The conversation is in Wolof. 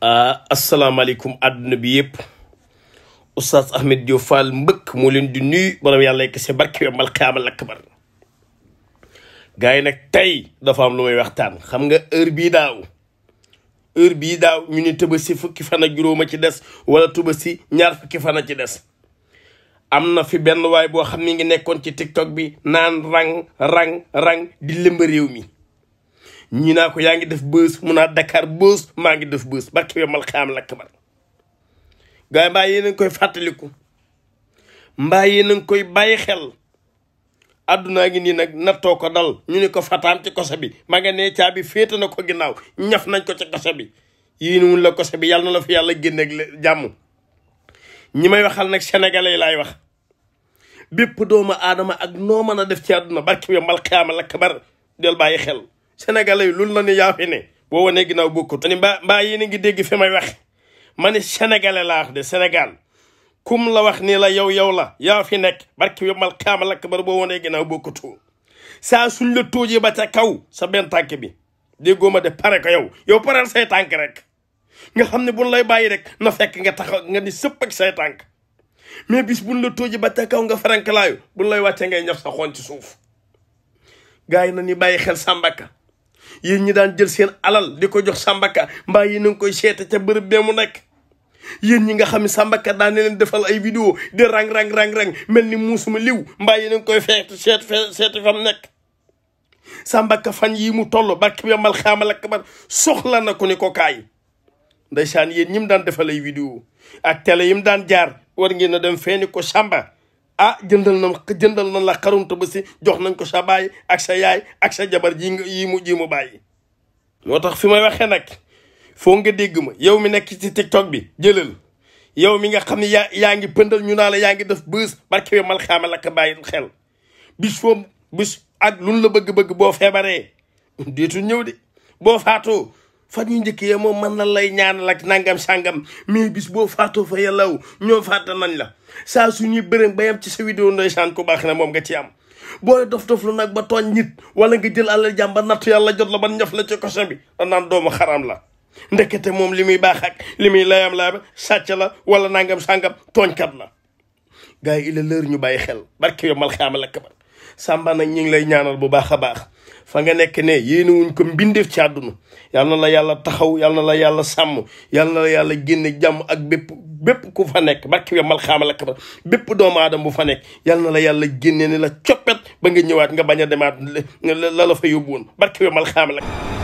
Ah, asalaamaaleykum àdduna bi yëpp oustaz Ahmed Diop Fall mbëkk mu leen di nuyu borom yàlla yegg si barke bi mal xiyaama lakk bar gars yi nag tey dafa am lu may waxtaan xam nga heure bii daaw heure bii daaw ñu ne Tabaski fukki fan ak juróom a ci des wala Tabaski ñaar fukki fan a ci des am na fi benn waay boo xam ne ngi nekkoon ci tiktok bi naan rang rang rang di lëmba réew mi. ñii naa ko yaa ngi def bës mun a Dakar bës maa ngi def bës barke bi mal xaam lakk bar gars yi mbaa yéen ngi koy fàttaliku mbaa yéen a ngi koy bàyyi xel àddunaa ngi nii nag nattoo ko dal ñu ne ko fataam ci kosa bi ma nga nee caabi féete na ko ginnaaw ñaf nañ ko ci kosa bi yéen wun la kosa bi yàlla na la fi yàlla génne ak jàmm ñi may waxal nag sénégalais lay wax bépp doomu aadama ak noo mën a def ci àdduna barke bi mal xaam lakk bar del bàyyi xel sénégalais yi loolu la ne yaa fi boo wonee ginnaaw bokkut ma ni mbaa mbaa yéen ngi dégg fi may wax ma ni sénégalais laa wax de sénégal kum la wax nii la yow yow la yaa fi nekk barki yombal xaama lakk bar boo wanee ginnaaw bokkutoo saa suñ la tóojee ba ca kaw sa benn tànk bi déggoo ma de pare ko yow yow pareel say tànk rek nga xam ne buñ lay bàyyi rek na fekk nga tax nga di sëpp ak say tànk mais bis buñ la tóojee ba ca kaw nga farankalaayu buñ lay wàccee ngay ñox sa xoon ci suuf gars yi na ni bàyyi xel sàmbaka yéen ñi daan jël seen alal di ko jox sàmbaka mbaa yéen a ngi koy seeta ca bërëb bee mu nekk yéen ñi nga xam ne sàmbaka daan ne leen defal ay vidéo di rang rang rang mel ni muusuma liw mbaa yéen a koy feet seet seeti fa mu nekk sàmbaka fan yii mu toll barke bi amal xaamal ak kabar soxla na ko ni ko kaay ndeysaan yéen ñi mu daan defal ay vidéo ak télé yi mu daan jaar war ngeen a dem feeni ko samba ah jëndal na jëndal na la ba tabaski jox nañ ko sa baay ak sa yaay ak sa jabar ji yi mu ji mu bàyyi moo tax fi may waxee nag foo nga dégg ma yow mi nekk ci tiktok bi jëlal yow mi nga xam ne yaa yaa ngi pëndal ñu naa la yaa ngi def bës barke bi mal xaamal ak bàyyi xel bis foofu bis ak luñ la bëgg-bëgg boo feebaree déetu ñëw de boo faatoo fan ñu njëkk yee moom mën na lay ñaanal ak nangam sangam mais bis boo faatoo fa yàllaw ñoo faata nañ la saa suñuy bërëm ba yam ci sa vidéo ndeysaan ku baax na moom nga ci am booy dof-dof lu nag ba tooñ nit wala nga jël àlal jàmm ba nattu yàlla jot la ban ñaf la ci kosa bi danaan doomu xaram la ndekete moom li muy baax ak li muy layam laam sàcc la wala nangam sangam tooñkat la gars yi il est ñu bàyyi xel barke yo mal xaamal ak kabar sàmba nag ñu ngi lay ñaanal bu baax a baax fa nga nekk ne yéene wuñ ko mbindeef ci àdduna yal na la yàlla taxaw yal na la yàlla sàmm yal na la yàlla génne jàmm ak bépp bépp ku fa nekk barke bi mal xaamal ak ba bépp doomu aadama bu fa nekk yal na la yàlla génne ne la coppet ba nga ñëwaat nga bañ a demaat la la fa yóbbu woon barke bi mal xaamal ak